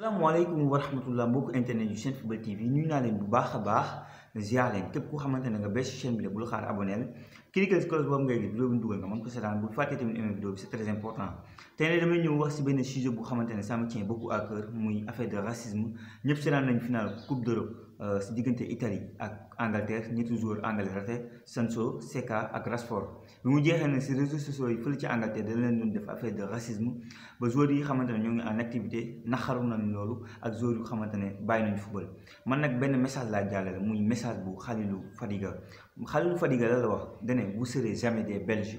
السلام عليكم ورحمة الله بوك انترنت يوشن في بل تي في نونا لين بو باخ باخ نزيار لين كيب كو خامن تنغا بيش شين بلا بول خار ابونيل كليك لس كلاس بوم غيغي بلو بندوغا نغا مانكو سيدان بول فاتي تيم امي فيديو سي تريز امبورطان تاني دا مي نيو واخ سي بن سيجو بو خامن تنغا سامي تيان بوكو اكور موي افاي دو راسيزم نيب سيدان نان فينال كوب دوروب ci diggante Italie ak Angleterre ñetti joueur Angleterre rate Sancho Seka ak Rashford bi mu jeexee nag si réseaux sociaux yi fële ci Angleterre dañ leen doon def affaire de racisme ba joueurs yi xamante ñoo ngi en activité naxaru nañ loolu ak joueurs yu xamante ne bàyyi nañu football man nag benn message laa jàllale muy message bu Khalilou Fadiga Khalilou Fadiga la la wax dane vous serez jamais des Belges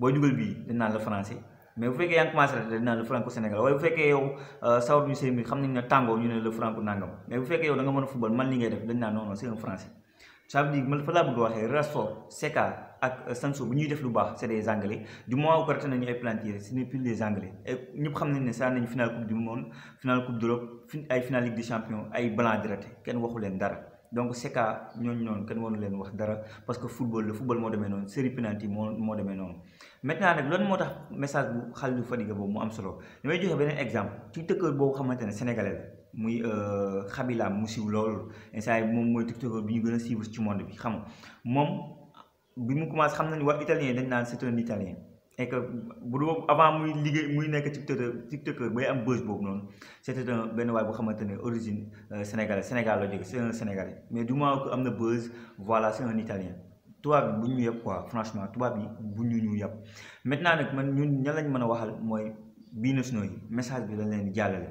booy dugal bii dañ naan la français mais bu fekkee yaa ngi commencé dañ naan la franco sénégal waaye bu fekkee yow euh, sawar ñu seen bi xam nañ ne tàngoo ñu ne la franco nàngam mais bu fekkee nga mën a football man li euh, bu ñuy def lu baax et ñëpp xam nañ ne saa nañu final coupe du monde final coupe d'Europe fin ay final ligue des champions ay blanc direct kenn waxu leen dara donc CECA ñooñu noonu kenn waru leen wax dara parce que football la football moo demee noonu série penalty moo moo demee noonu maintenant nag loolu moo tax message bu Khalilou Fadiga boobu mu am solo damay joxe beneen exemple ci tëkkër boobu xamante ne sénégalais la muy euh, Khabila mu siiw loolu instant yi moom mooy tiktokeur bi ñu gën a siiw ci monde bi xam moom bi mu commencé xam nañu wax italien dañ naan c'est un italien et que bu doo avant muy liggéey muy nekk tiktoker tiktoker bay am buzz boobu noonu c'était un benn waay bu xamante ne origine euh, sénégalais Sénégal la jóge c'est un sénégalais mais du moment que am na buzz voilà c'est italien tubaab bi bu ñu yëpp quoi franchement tubaab bi bu ñu ñu yëpp maintenant nag man ñu ña lañ mën a waxal mooy bii na yi message bi lañ leen di jàllale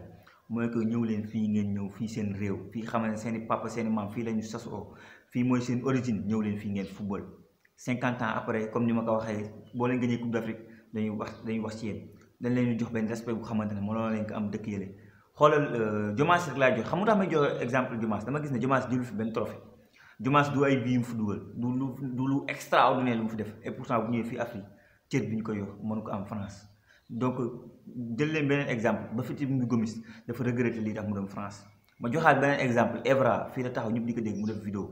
mooy que ñëw leen fii ngeen ñëw fii seen réew fii xamante ne seen i papa seen i maam fii la ñu sasoo fii mooy seen origine ñëw leen fii ngeen football 50 ans après comme ni ma ko waxee boo leen gagné coupe d'Afrique dañuy wax dañuy wax ci yéen dañ leen jox ben respect bu xamante ne mënoo leen ko am dëkk yele xolal Jomas euh, rek la jox xam nga tax jox exemple Jomas dama gis ne Jomas jëlu fi benn trophée Jomas du ay biim fu mu du lu du lu extraordinaire lu mu fi def et pourtant bu ñëw fi Afrique cër bi ko yor mënu ko am France donc jël leen beneen exemple ba fiti mu Gomis dafa regretter li tax mu dem France ma joxaat beneen exemple Evra fii la taxaw ñëpp di ko dégg mu def vidéo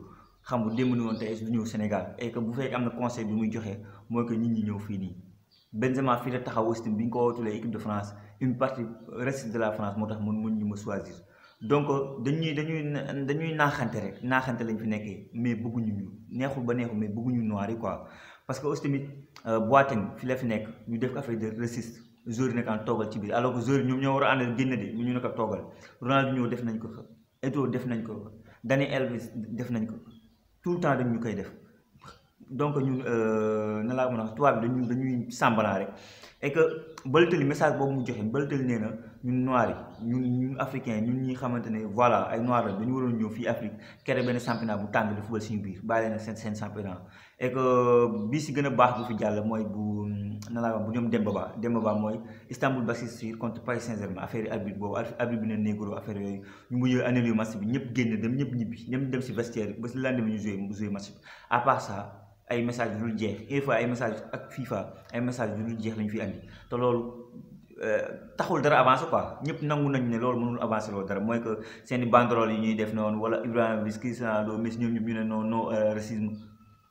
xam nga démb woon tey du ñëw Sénégal et que bu fekkee am na conseil bi muy joxe mooy que nit ñi ñëw fii nii Benzema fii la taxaw aussi bi ñu ko wootulee équipe de France une partie reste de la France moo tax man mën ñu ma choisir donc dañuy dañuy dañuy naaxante rek naaxante lañ fi nekkee mais bëgguñu ñu neexul ba neexul mais bëgguñu noir yi quoi parce que aussi tamit euh, Boateng fi la fi nekk ñu def affaire de résiste joueur yi nekk toogal ci biir alors que joueur yi ñoom ñoo war a àndal génn de ñu nekk toogal Ronaldo ñëw def nañ ko Eto'o def nañ ko Daniel Elvis def nañ ko tout le temps de nous koy donc nous euh, na la mën wax et que message bobu joxe ñun noirs ñun ñun voilà noirs la dañu Afrique championnat bu football suñu biir et que bu fi Demba Demba Istanbul contre Paris Saint-Germain affaire arbitre arbitre bi affaire ñu match bi à part ça ay message yu dul jeex des fois ay message ak FIFA ay message yu dul jeex lañu fi andi te loolu euh, taxul dara avancé quoi ñëpp nangu nañu ne loolu mënul avancé loolu dara mooy que seeni i banderole yi ñuy def noonu wala Ibrahima bis Cristiano Messi ñoom ñëpp ñu ne non non euh, racisme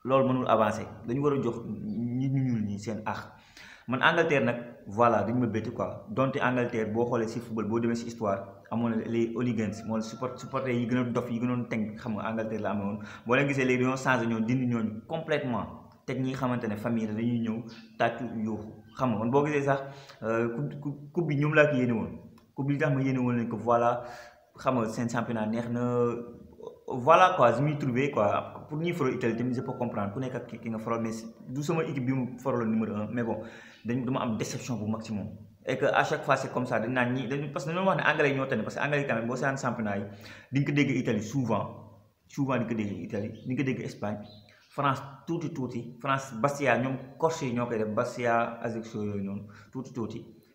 loolu mënul avancé dañu war a jox ñi ñu ñuul ñi seen ax man Angleterre nak voilà duñu ma bétti quoi donte Angleterre bo xolé ci football bo demee ci histoire amone les hooligans mo support supporté yi gëna dof yi gënoon tënk xam nga Angleterre la amone bo boo leen gisee léegi dañoo changé ñoom dindi ñoo complètement té ñi nga famille la dañuy ñëw tàccu yuuxu xam nga man boo gisee sax euh, coupe coupe bi ñum la ko yéene won coupe bi li tax ma yéene won lañ ko voilà xam nga sen championnat neex na voilà quoi je m'y trouvé quoi pour nous faral Italie tamit je peux comprendre ku nekk ak ki nga faral mais du il équipe bi mu numéro un mais bon dañ dama am déception pour maximum et que à chaque fois c'est comme ça dañ naan parce que dañoo wax ne anglais ñoo tane parce que anglais yi tamit c'est un championnat yi di ko dégg Italie souvent souvent di nga ko dégg Italie di nga ko dégg Espagne France tout, touti France Bastia ñoom Corse yi Bastia Ajaccio yooyu tout tout. touti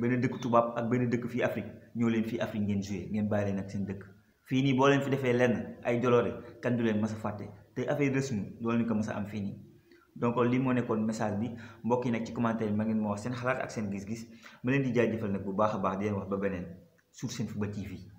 benn dëkk tubaab ak benn dëkk fii Afrique ñoo leen fii Afrique ngeen joué ngeen bàyyi leen ak seen dëkk fii nii boo leen fi defee lenn ay joloore kan du leen mas a fàtte te affaire rës mi doo leen ko mas a am fii nii donc lii moo nekkoon message bi mbokki yi ci commentaire bi ma ngeen ma wax seen xalaat ak seen gis-gis ma leen di jaajëfal nag bu baax a baax di leen wax ba beneen sur ba TV